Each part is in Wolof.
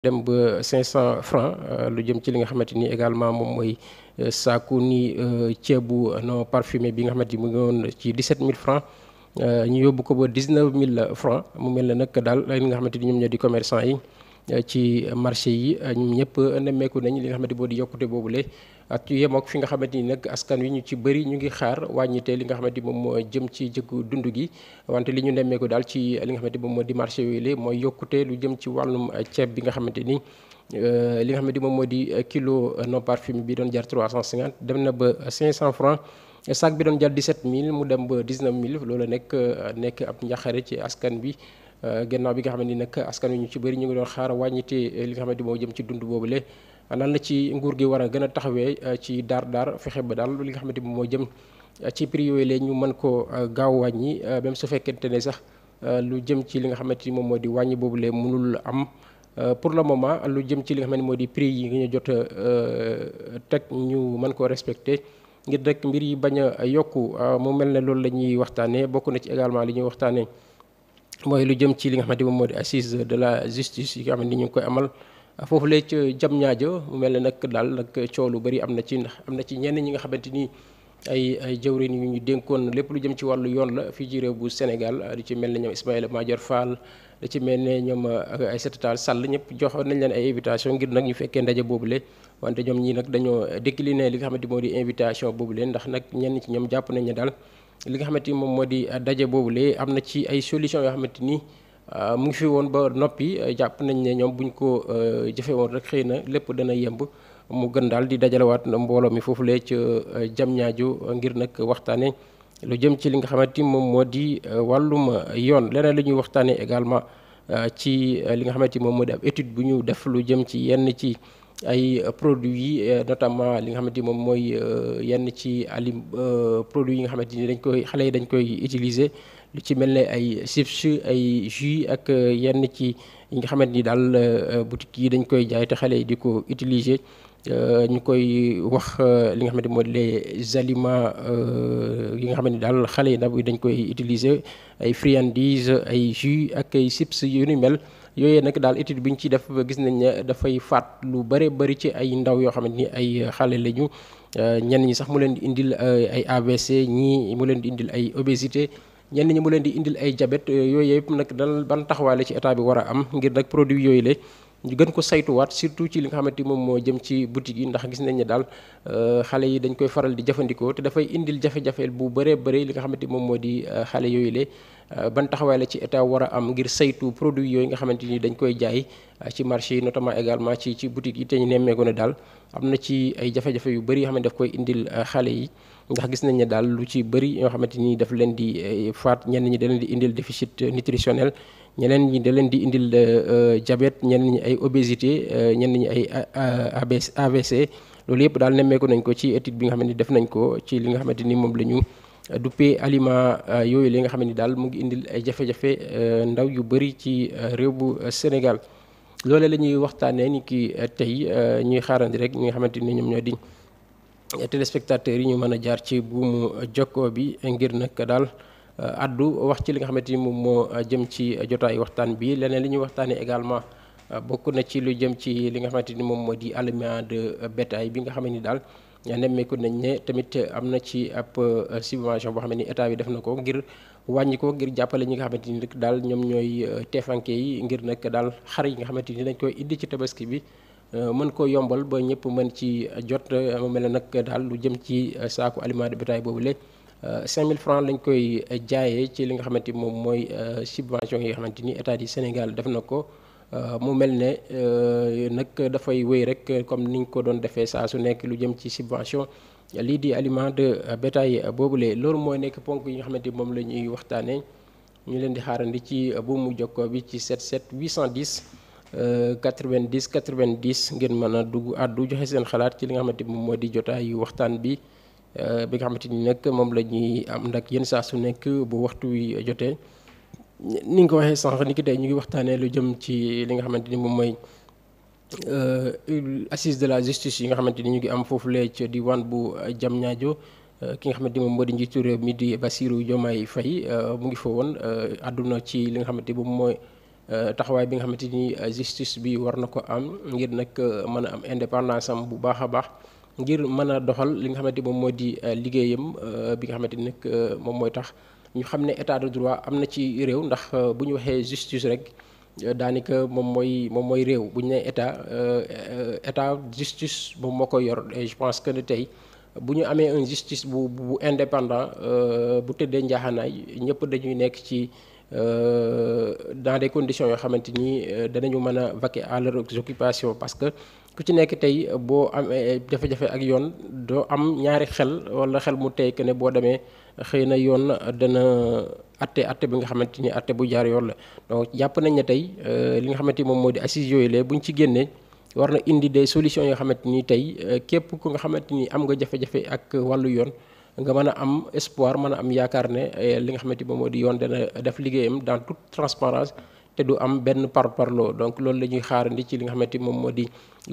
dem ba 500 francs euh, lu jëm ci li nga xamante ni également moom mooy euh, saaku ni euh, ceebu non parfumé bi nga xamante ni mu ngi woon ci mille francs ñu yóbbu ko ba mille francs mu mel ne nag daal li nga xamante ni ñoom ñoo di commerçant yi ci marché yi ñoom ñëpp nemmeeku nañ li nga xamante boo di yokkute boobule ak yem ak fi nga xamante ni nag askan wi ñu ci bëri ñu ngi xaar wàññite li nga xamante ni moom moo jëm ci jëkk dund gi wante li ñu nemmeeku daal ci li nga xamante ni moom moo di marché yooyu mooy yokkute lu jëm ci wàllum ceeb bi nga xamante ni euh, li nga xamante ni moom moo di kilo non parfumé bi doon jar 350 dem na ba 500 francs sac bi doon jar 17000 mu dem ba 19000 loola nekk nekk ab njaxare ci askan bi euh, gannaaw bi nga xamante ni nag askan wi ñu ci bëri ñu ngi doon xaar wàññite li nga xamante ni moo jëm ci dund boobu boobule lan la ci nguur gi war a gën a taxawee euh, ci daar daar fexe ba daal li nga xamante ni moo jëm euh, ci prix yooyu la ñu mën koo euh, gaaw wàññi même su fekkente ne sax lu jëm ci li nga xamante ni moom moo di wàññi boobu lee mënul am pour le moment lu jëm ci li nga ni moo di prix yi nga ñu jot teg ñu mën koo respecté ngir rek mbir yi bañ a yokk mu mel ne loolu la ñuy waxtaanee bokk na ci également li ñuy waxtaanee mooy lu jëm ci li nga xamante ni moom moo di assise de la justice yi nga xamante ni ñu ngi koy amal. foofu lee ca jam ñaajo mu mel ne nag daal nak coow lu bëri am na ci ndax am na ci ñenn ñi nga xamante ni ay ay jëwriñ yu ñu dénkoon lépp lu jëm ci wàllu yoon la fii ci réew bu Sénégal di ci mel ne ñoom Ismaïla Madior Fall da ci mel ne ñoom Aïssata Sall ñëpp joxoon nañ leen ay invitation ngir nag ñu fekkee ndaje boobule wante ñoom ñii nag dañoo décliné li nga xamante moo di invitation boobule ndax nag ñenn ci ñoom jàpp nañ ne daal li nga xamante ni moom moo di daje le am na ci ay solution yoo xamante ni Euh, mu ngi fi woon ba noppi euh, jàpp nañ ne ñoom buñ ko euh, jëfe woon rek xëy na lépp dana yemb mu gën daal di dajalewaat mbooloo mi foofu lee ca jam ñaajo ngir nag waxtaane lu jëm ci li nga xamante ni moom moo di wàllum yoon leneen li ñuy waxtaane également ci li nga xamante ni moom moo di ab étude bu ñu def lu jëm ci yenn ci ay produits yi notamment li nga xamante ni moom mooy yenn ci alim produits yi nga xamante ni dañ koy xale yi dañ koy utiliser lu ci mel ne ay chips ay jus ak euh, yenn ci yi nga xamante ni daal euh, euh, boutique yi dañ koy jaay te xale yi di ko utiliser ñu koy wax li nga xamante ni mooy les aliments yi nga xamante ni daal xale yi ndaw yi dañ koy utiliser ay friandises ay jus ak ay chips yu mel. yooyu nag daal étude bi ñu ci def gis nañ ne dafay faat lu bare bëri ci ay ndaw yoo xamante ni ay xale lañu ñenn ñi sax mu leen di indil ay AVC ñii mu leen di indil ay obésité. ñenn ñi mu leen di indil ay jabet eh, yooyu yëpp nag dal ban taxawaale ci état bi war a am ngir nag produit yooyu la ñu gën ko saytuwaat surtout ci li nga xamante ni moom moo jëm ci boutique yi ndax gis nañ ne daal eh, xale yi dañ koy faral di jëfandikoo te dafay indil jafe bu bëree bëri li nga xamante ni moom moo di eh, xale yooyu le ban taxawaay la ci état war a am ngir saytu produit yooyu nga xamante ni dañ koy jaay ci marché yi notamment également ci ci boutique yi te ñu nemmeeku ne daal am na ci ay jafe-jafe yu bëri yoo ne daf koy indil xale yi ndax gis nañ ne daal lu ci bëri ñoo xamante nii daf leen di eh, faat ñenn ñi da di indil déficit nutritionnel ñeneen ñi da leen di indil eh, eh, diabète ñeneen ñi ay obésité ñeneen ñi ay AVC loolu yëpp daal nemmeeku nañ ko ci étude bi nga xamante ni def nañ ko ci li nga xamante ni moom la ñu duppee aliment yooyu li nga xamante ni daal mu ngi indil ay jafe-jafe ndaw yu bëri ci réew bu Sénégal loole la ñuy waxtaanee ni ki tey ñuy xaarandi rek ñi nga xamante ni ñoom ñoo di. téléspectateurs yi ñu mën a jaar ci buumu jokkoo bi ngir nag daal euh, addu wax ci li nga xamante ni moom moo jëm ci jotaayu waxtaan bi leneen li ñuy waxtaanee également euh, bokk na ci lu jëm ci li nga xamante ni moom moo di aliment de bétail bi nga xam ni daal nemmeeku nañ ne tamit am na ci ab euh, subvention boo xam ne état bi def na ko ngir wàññi ko ngir jàppale ñi nga xamante ni rek daal ñoom ñooy teefanke yi ngir nag daal xar yi nga xamante ni dañ koy indi ci tabaski bi. Euh, mën ko yombal ba ñëpp mën ci jot mu mel ne nag daal lu jëm ci euh, saaku aliment de bétail boobu le 5000 francs lañ koy euh, jaayee ci li nga xamante moom mooy subvention yi nga xamante ni état di Sénégal def na ko mu mel ne nak dafay wéy rek comme niñ ko doon defee saa su nekk lu jëm ci subvention lii di aliment de boobu le loolu mooy nekk ponk yi nga xamante moom la ñuy waxtaanee ñu leen di xaarandi ci bu mu jokkoo bi ci 77 810. 90 euh, 90 ngeen mën a dugg àddu joxe seen xalaat ci li nga xamante moom moo di jotaayu waxtaan bi euh, bi nga xamante ni nag moom la ñuy am nag yenn saa su nekk bu waxtu wi jotee ni nga ko waxee sànq ni ki ñu ngi waxtaanee lu jëm ci li nga xamante ni moom mooy euh, assise de la justice yi nga xamante ni ñu ngi am foofu lee ci diwaan bu jam Diamniadio ki nga xamante ni moom moo di njiitu réew mi di Bassirou Diomaye fay mu ngi fa woon àdduna ci li nga xamante ni moom mooy. Euh, taxawaay bi nga xamante ni euh, justice bi war na ko am ngir nag euh, mën a am indépendance sam bu baax a baax ngir mën a doxal li nga xamante moom moo di liggéeyam bi nga xamante ni nag moom mooy tax ñu xam ne état de droit am na ci réew ndax bu ñu waxee justice rek daanaka moom mooy moom mooy réew bu ñu ne état état justice moom moo ko yor je pense que ne tey bu ñu amee un justice bu bu indépendant bu tëddee njaaxanaay ñëpp dañuy nekk ci. Euh, dans de conditions yoo xamante nii euh, danañu mën a vaquer à leurs occupations parce que ku ci nekk tey boo amee jafe-jafe ak yoon doo am ñaari xel wala xel mu tey que ne boo demee xëy na yoon dana atte atte bi nga xamante ni atte bu jaar yoon la donc jàpp nañ ne tey euh, li nga xamante ni moom moo di assises yooyu la buñ ci génnee war na indi de solution yoo xamante nii tey képp ku nga xamante ni am nga jafe-jafe ak wàllu yoon nga mën a am espoir mën a am yaakaar ne eh, li nga xamante ni moom moo di yoon dana def liggéeyam dans toute transparence te du am benn par parlo donc loolu la ñuy xaarandi ci li nga xamante ni moom moo di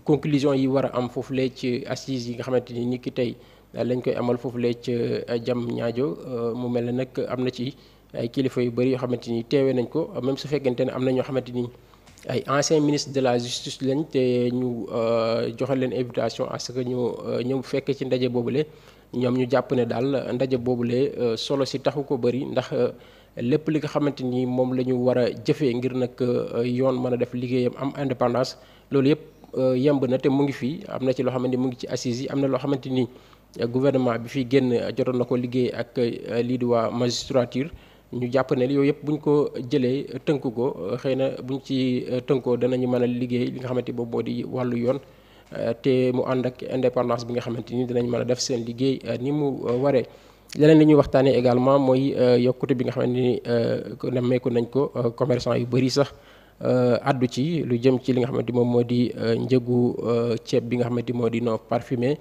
conclusion yi war a am foofu lee ci assises yi nga xamante ni ni tey eh, lañ koy amal foofu lee ci eh, jam ñaajo euh, mu mel ne nag am na ci ay kilifa yu bëri yoo xamante ni teewe nañ ko même su fekkente ne am na ñoo xamante ni ay ancien ministre de la justice lañ te ñu euh, joxe leen invitation à que ñu euh, ñëw fekk ci ndaje boobule. ñoom ñu jàpp ne daal ndaje boobu boobulee euh, solo si taxu ko bëri ndax euh, lépp li nga xamante ni moom la ñu war a jëfee ngir nag euh, yoon mën a def liggéeyam am indépendance loolu yëpp yemb na te mu ngi fii am na ci loo xamante ni mu ngi ci assises am na loo xamante ni gouvernement bi fi génn jotoon na ko liggéey ak lii di magistrature ñu jàpp ne yooyu yëpp bu ñu ko jëlee tënk ko xëy na bu ci tënkoo danañu mën a liggéey li nga xamante boobu moo di wàllu yoon Euh, te mu ànd ak indépendance bi nga xamante ni dinañ mën a def seen liggéey euh, ni mu euh, waree. leneen li ñuy waxtaanee également mooy yokkute bi nga xamante ni ko nemmeeku nañ ko commerçant yu bëri sax addu ci lu jëm ci li nga xamante moom moo di njëgu ceeb bi nga xamante moo di non parfumé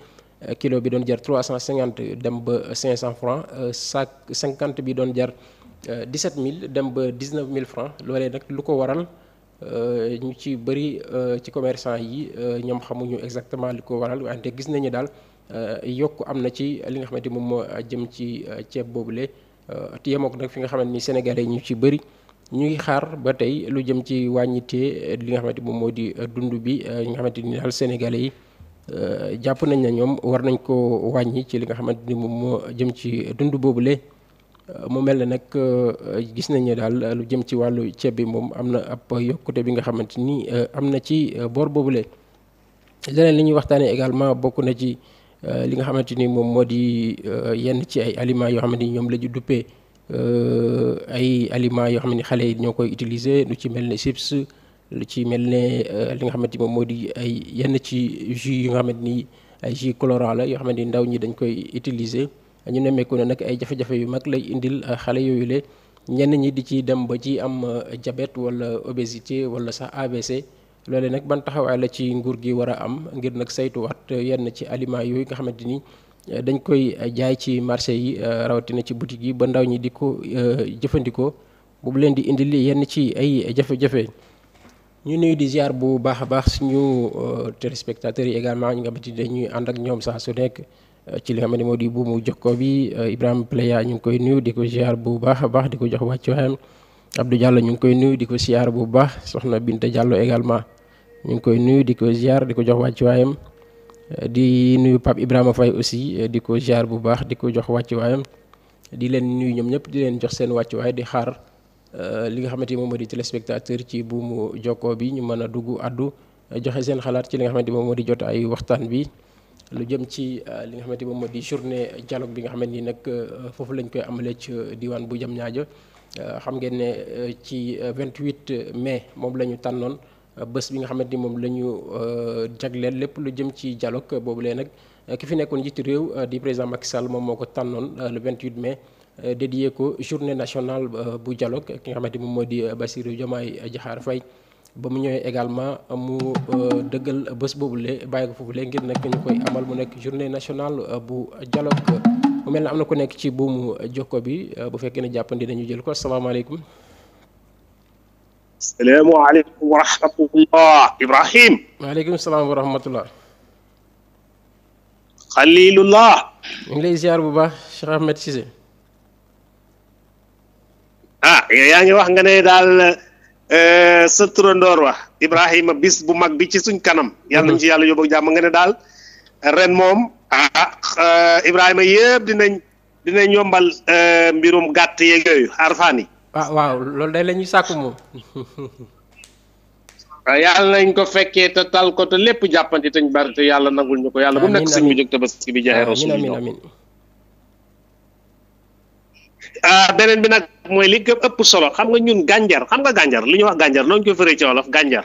kilo bi doon jar 350 dem ba 500 francs sac 50 bi doon jar mille dem ba mille francs loolee nag lu ko waral. Euh, ñu ci bëri euh, ci commerçant yi euh, ñoom xamuñu exactement li ko waral wante gis nañu daal yokk am na ci li nga xamante moom moo jëm ci ceeb boobule te yemook nag fi nga xamante ni Sénégalais yi ñu ci bëri ñu ngi xaar ba tey lu jëm ci wàññitee li nga xamante moom moo di dund bi ñi nga xamante ni daal Sénégalais yi jàpp nañ na ñoom war nañ ko wàññi ci li nga xamante ni moom moo jëm ci dund boobu le Euh, mu mel ne nag euh, gis nañ ne daal lu jëm ci wàllu ceeb bi moom am na ab yokkute bi nga xamante ni euh, am na ci boor boobule. leneen li ñuy waxtaanee également bokk na ci li nga xamante ni moom moo di yenn ci ay aliments yoo xam ni ñoom la ñu duppee ay aliments yoo xam ni xale yi ñoo koy utiliser lu ci mel ne chips lu ci mel ne li nga xamante moom moo di ay yenn ci jus yu nga xamante ni ay jus colorant la yoo xamante ni ndaw ñi dañ koy utiliser. ñu nemmeeku ne nag ay jafe-jafe yu mag lay indil ah, xale yooyu le ñenn ñi di ci dem ba ci am diabète ah, wala obésité wala sax ABC loole nag ban taxawaay la ci nguur gi war a am ngir nag saytuwaat yenn ci aliment yooyu nga xamante ni ah, dañ koy jaay ci marché yi rawatina ci boutique yi ba ndaw ñi di ko jëfandikoo boobu leen di indil yenn ci ay jafe-jafe. ñu nuyu di ziar bu baax a baax suñu téléspectateurs yi également ñi nga xamante ni dañuy ànd ak ñoom saa su nekk. ci li nga xam moo di buumu jokkoo bi euh, Ibrahima Pleya ñu ngi koy nuyu di ko ziar bu baax a baax di ko jox wàccuwaayam Abdou Diallo ñu ngi koy nuyu di ko ziar bu baax soxna Binta Diallo également ñu ngi koy nuyu di ko ziar di ko jox wàccuwaayam euh, di nuyu Pape Ibrahima Faye aussi euh, di ko ziar bu baax di ko jox wàccuwaayam di leen nuyu ñoom ñëpp di leen jox seen wàccuwaay di xaar li nga xamante ni moom moo di téléspectateur ci buumu jokkoo bi ñu mën a dugg addu joxe seen xalaat ci li nga xamante ni moom moo di jot ay waxtaan bi. lu jëm ci euh, li nga xamante moom moo di journée jaloog bi nga xamante ni nag euh, foofu lañ koy amalee ci diwaan bu Diamniadio euh, xam ngeen ne ci 28 mai moom la ñu tànnoon bés bi nga xamante ni moom la ñu jagleel lépp lu jëm ci dialogue boobu lee nag ki fi nekkoon njiitu réew di président Macky Sall moom moo ko tànnoon le 28 mai dédié ko journée nationale bu dialogue ki nga xamante moom moo di Bassirou Diomaye Diakhar fay ba mu ñëwee également mu euh, dëggal bés boobule bàyyi ko foofule ngir nag ñu koy amal mu nekk journée nationale euh, bu dialogue mu mel ne am na ku nekk ci buumu jokko bi euh, bu fekkee ne jàppandi nañu jël ko asalaamaaleykum. salaamaaleykum wa rahmatullah Ibrahim. waaleykum salaam wa rahmatullah. Xalilullah. bu baax Cheikh Ahmed ah, wax nga ne daal. Eh, sa turandoor wax Ibrahima bis bu mag bi ci suñ kanam. yàlla nañ mhm. ci yàlla yóbbu jàmm nga ne daal ren moom ah eh, Ibrahima yëpp dinañ dinañ yombal eh, mbirum gàtt yeeg yooyu arfaan yi. Ah, waaw loolu day la ñuy sàkku moom. waaw ah, yàlla nañ ko fekkee te tal ko te lépp jàppandi te ñu bari te yàlla nangul ñu ko yàlla bu nekk suñ mu jóg tabaski bi jaxee rasul amiin amiin ah, beneen bi nag mooy li gën ëpp solo xam nga ñun gànjar xam nga gànjar li ñuy wax gànjar nooñu ko fëree ci wolof gànjar.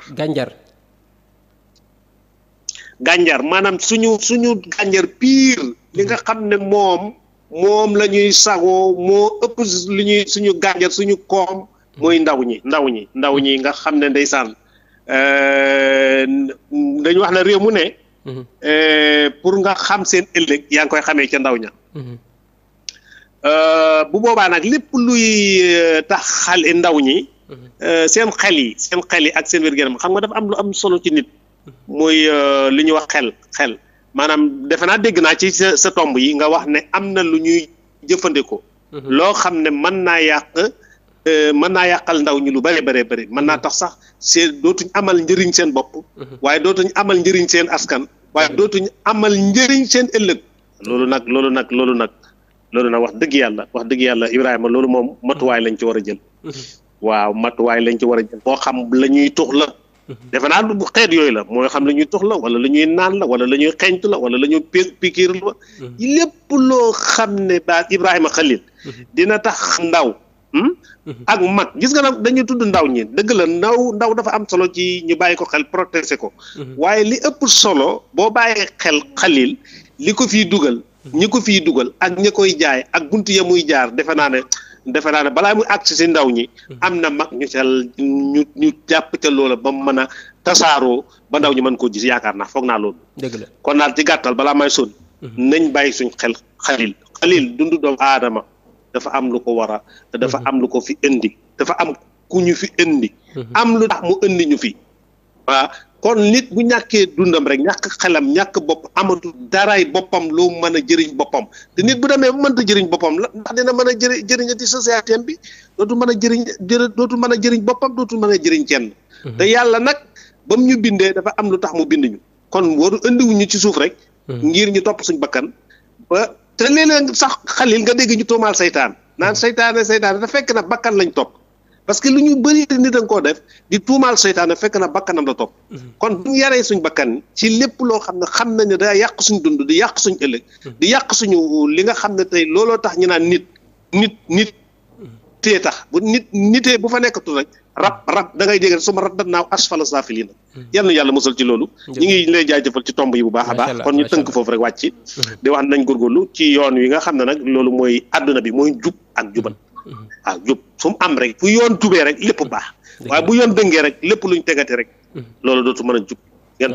gànjar. maanaam suñu suñu gànjar pire li nga xam ne moom moom la ñuy sagoo moo ëpp li ñuy suñu gànjar suñu koom mooy ndaw ñi ndaw ñi ndaw ñi nga xam ne ndeysaan euh, dañu wax ne réew mu ne. Mhm. Euh, pour nga xam seen ëllëg yaa ngi koy xamee ca ndaw ña. Mhm. Euh, bu boobaa nag lépp luy euh, tax xale ndaw ñi mhm. euh, seen xel yi seen xel yi ak seen wér-gu-yaram xam nga dafa am lu am solo ci nit mhm. muy li ñuy wax xel xel maanaam defe naa dégg naa ci sa sa tomb yi nga wax ne am na lu ñuy jëfandikoo mhm. loo xam ne mën naa yàq mën naa yàqal ndaw ñi lu bëree bëree bëri mën naa tax sax see dootuñ amal njëriñ seen bopp waaye dootuñ amal njëriñ seen askan waaye dootuñ amal njëriñ seen ëllëg loolu nag loolu nag loolu nag loolu nag wax dëgg yàlla wax dëgg yàlla Ibrahima loolu moom matuwaay lañ ci war a jël. Mm-hmm. waaw matuwaay lañ ci war a jël boo xam la ñuy tux la. Mm-hmm. defe naa lu xeet yooyu la mooy xam la ñuy la wala la naan la wala la ñuy xeeñtu la wala la ñuy pikiir la. Mm-hmm. lépp loo xam ne ba Ibrahima Khalil. dina tax ndaw. Hmm? ak mag gis nga nag dañuy tudd ndaw ñi dëgg la ndaw ndaw dafa am solo ci ñu bàyyi ko xel protéger ko. waaye li ëpp solo boo bàyyee xel Khalil li ko fi dugal. ñi ko fii dugal ak ñi koy jaay ak buntu ya muy jaar defe naa ne defe naa ne balaa muy agsi si ndaw ñi am na mag ñu ca ñu ñu jàpp ca loola ba mu mën a tasaaroo ba ndaw ñi mën koo gis yaakaar naa foog naa loolu. dëgg kon daal ci gàttal balaa may sonn. Mhm. nañ bàyyi suñ xel xalil xaliil mhm. dundu doomu aadama dafa am lu ko war a dafa mhm. am lu ko fi indi dafa am ku ñu fi indi. am lu tax mu indi ñu fi. waa kon nit bu ñàkkee dundam rek ñàkk xelam ñàkk bopp amatul daraay boppam loo mën a jëriñ boppam te nit bu demee bu mënta jëriñ boppam la ndax dina mën a jëri jëriñati société bi dootu mën a jëriñ jërë dootu mën a jëriñ boppam dootul mën a jëriñ kenn mhm. te yàlla nag ba mu ñu bindee dafa am lu tax mu bind ñu kon waru indiwuñu ci suuf rek mhm. ngir ñu topp suñ bakkan ba te léeg-léeg sax xalil nga dégg ñu tuumaal seytaan naan mhm. seytaane saytaane te fekk na bakkan lañ topp parce que lu ñu bëri nit a koo def di tuumaal seytaane fekk na bakkanam la topp. Mhm. kon bu ñu yaree suñ bakkan ci lépp loo xam ne xam nañ ne day yàq suñ dund di yàq suñu ëllëg. Mhm. di yàq suñu li nga xam ne tey looloo tax ñu naan nit nit nit. Mhm. tee tax bu nit nitee bu fa nekkatul rek rab rab da ngay dégg suma rab da naaw asfala saafiliin yal na yàlla musal ci loolu ñu ngi lay jaajëfal ci tomb yi bu baax a baax kon ñu tënk foofu rek wàcc di wax nañ góorgóorlu ci yoon wi nga xam ne nag loolu mooy àdduna bi mooy jub ak jubal waaw jub su mu am rek fu yoon jubee rek lépp baax waaye bu yoon dëngee rek lépp luñ tegate rek mm-hmm. loolu dootu mën a jub ngeen